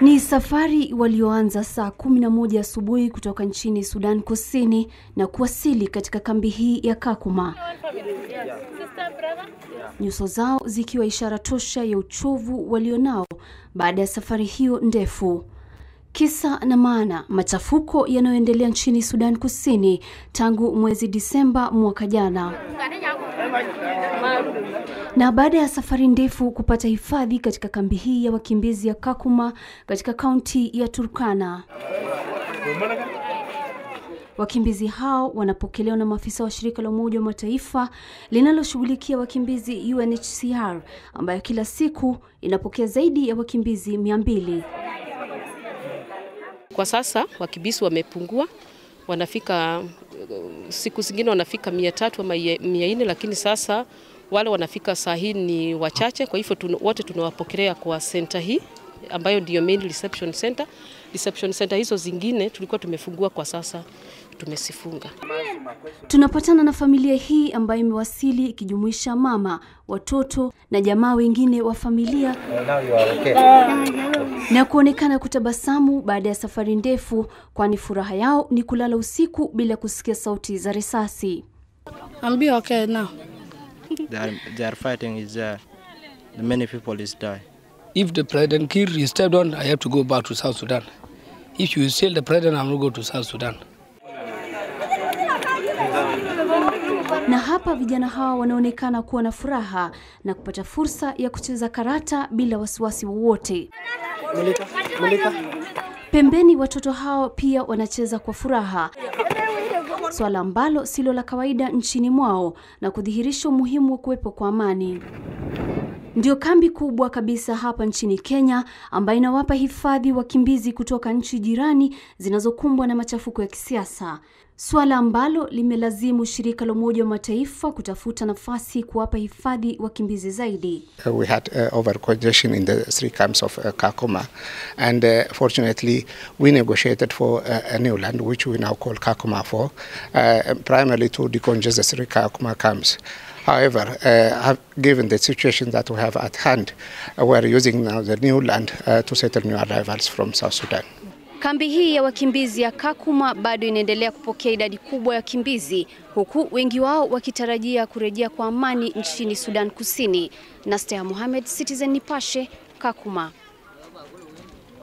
Ni safari walioanza saa 11 asubuhi kutoka nchini Sudan Kusini na kuwasili katika kambi hii ya Kakuma, nyuso zao zikiwa ishara tosha ya uchovu walionao baada ya safari hiyo ndefu. Kisa na maana, machafuko yanayoendelea nchini Sudan Kusini tangu mwezi Disemba mwaka jana. Na baada ya safari ndefu kupata hifadhi katika kambi hii ya wakimbizi ya Kakuma katika kaunti ya Turkana, wakimbizi hao wanapokelewa na maafisa wa shirika la Umoja wa Mataifa linaloshughulikia wakimbizi UNHCR, ambayo kila siku inapokea zaidi ya wakimbizi 200. Kwa sasa wakimbizi wamepungua wanafika siku zingine wanafika mia tatu ama mia nne lakini sasa wale wanafika saa hii ni wachache. Kwa hivyo tun, wote tunawapokelea kwa senta hii ambayo ndio main reception center. Reception center hizo zingine tulikuwa tumefungua kwa sasa tumesifunga. Tunapatana na familia hii ambayo imewasili ikijumuisha mama, watoto na jamaa wengine wa familia na kuonekana kutabasamu baada ya safari ndefu, kwani furaha yao ni kulala usiku bila kusikia sauti za risasi. Ambia okay now. they are, they are fighting is uh, many people is die. If the president Kir is stepped on, I have to go back to South Sudan. If you sell the president, I'm going to go to South Sudan. Na hapa vijana hawa wanaonekana kuwa na furaha na kupata fursa ya kucheza karata bila wasiwasi wowote. Pembeni watoto hao pia wanacheza kwa furaha, swala ambalo silo la kawaida nchini mwao na kudhihirisha umuhimu wa kuwepo kwa amani. Ndio kambi kubwa kabisa hapa nchini Kenya ambayo inawapa hifadhi wakimbizi kutoka nchi jirani zinazokumbwa na machafuko ya kisiasa suala ambalo limelazimu shirika la Umoja wa Mataifa kutafuta nafasi kuwapa hifadhi wakimbizi zaidi. Uh, we had uh, overcongestion in the three camps of uh, Kakuma and uh, fortunately we negotiated for uh, a new land which we now call Kakuma 4 uh, primarily to decongest the three Kakuma camps. However, uh, given the situation that we have at hand, uh, we are using now the new land uh, to settle new arrivals from South Sudan. Kambi hii ya wakimbizi ya Kakuma bado inaendelea kupokea idadi kubwa ya wakimbizi huku wengi wao wakitarajia kurejea kwa amani nchini Sudan Kusini. Nastea Mohamed, Citizen Nipashe, Kakuma.